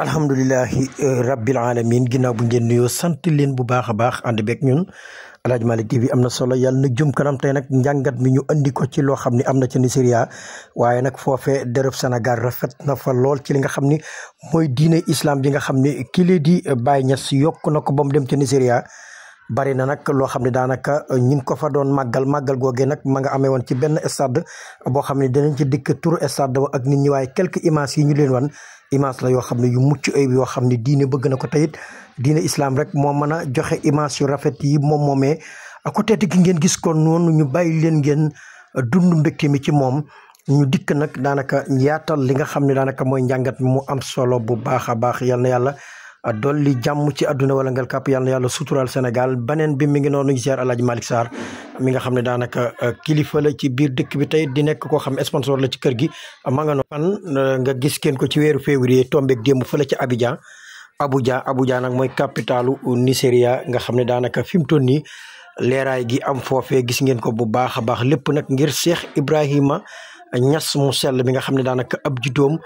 alhamdulilahi euh, rabbil alamin ginnaaw bu ngeen nuyoo sant leen bu baax a baax ànd beeg ñun Aladji Malick TV am na solo yàlla na jëm kanam tey nag njàngat mi ñu andi ci loo xam ne am na ci Nigeria waaye nag foofee dërëb senegal rafet na fa lool ci li nga xam ni mooy diine islam bi nga xam ne kii di Baye Niass yokk na ko ba mu dem ci Nigeria bari na nag loo xam ne daanaka ñi ngi ko fa doon màggal màggal googee nag ma nga amee woon ci benn stade boo xam ne dinañ ci dikk tur stade wa ak nit ñi waaye quelques images yi ñu leen wan imance la yoo xam ne yu mucc ayib yoo xam ne diine bëgg na ko teyit diine islam rek moo mën a joxe image yu rafet yi moom moomee ko teeti ki ngeen gis ko noonu ñu bàyyi leen ngeen dund mbégte mi ci moom ñu dikk nag daanaka yaatal li nga xam ne daanaka mooy njàngat mu am solo bu baax a baax yal na yàlla dolli jàmm ci àdduna wala ngal kàpp yàlla na yàlla suturaal Sénégal beneen bi mi ngi noonu ñu ziar Alaaji Malick mi nga xam ne daanaka euh, kilifa la ci biir dëkk bi tey di nekk koo xam sponsor la ci kër gi ma nga no fan euh, nga gis kenn ko ci weeru février tombeeg démb fële ci Abidjan Abuja Abuja nag mooy capitalu Nigeria nga xam ne daanaka fi mu toll nii leeraay gi am foofee gis ngeen ko bu baax a baax lépp nag ngir Cheikh Ibrahima Niass mu sell mi nga xam ne daanaka ab juddoom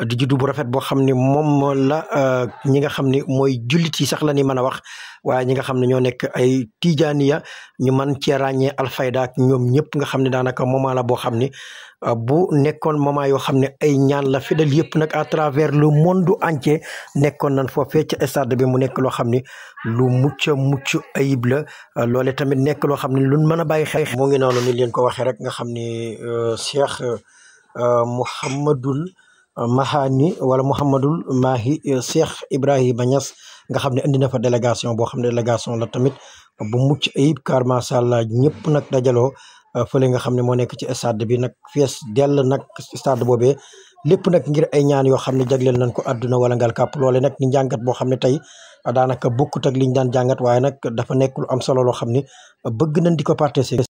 di juddu bu rafet boo xam ne moom la euh, ñi nga xam ne mooy jullit yi sax la ni mën a wax waaye ñi nga xam ne ñoo nekk ay tijaaniya ñu mën cee ràññee alfayda ak ñoom ñëpp nga xam ne daanaka moment la boo xam ni euh, bu nekkoon moment yoo xam ne ay ñaan la fidèle yëpp nag à travers le monde entier nekkoon nañ foofee ca stade bi mu nekk loo xam ne lu mucc mucc ayib la euh, loole tamit nekk loo xam ne luñ mën a bàyyi xel mu ngi noonu ni leen ko waxee rek nga xam ne Cheikh Mouhamadul Mahani wala Mouhamadul Mahi euh, Cheikh Ibrahima Niass nga xam ne indi na fa délégation boo xam ne délégation la tamit bu mucc ayib car macha allah ñëpp nag dajaloo euh, fële nga xam ne moo nekk ci stade bi nag fees dell nag stade boobee lépp nag ngir ay ñaan yoo xam ne jagleel nañ ko àdduna wala ngal kàpp loole nag ni njàngat boo xam ne tey daanaka bokkut ak liñ daan jàngat waaye nag dafa nekk lu am solo loo xam ni bëgg nañ di ko participer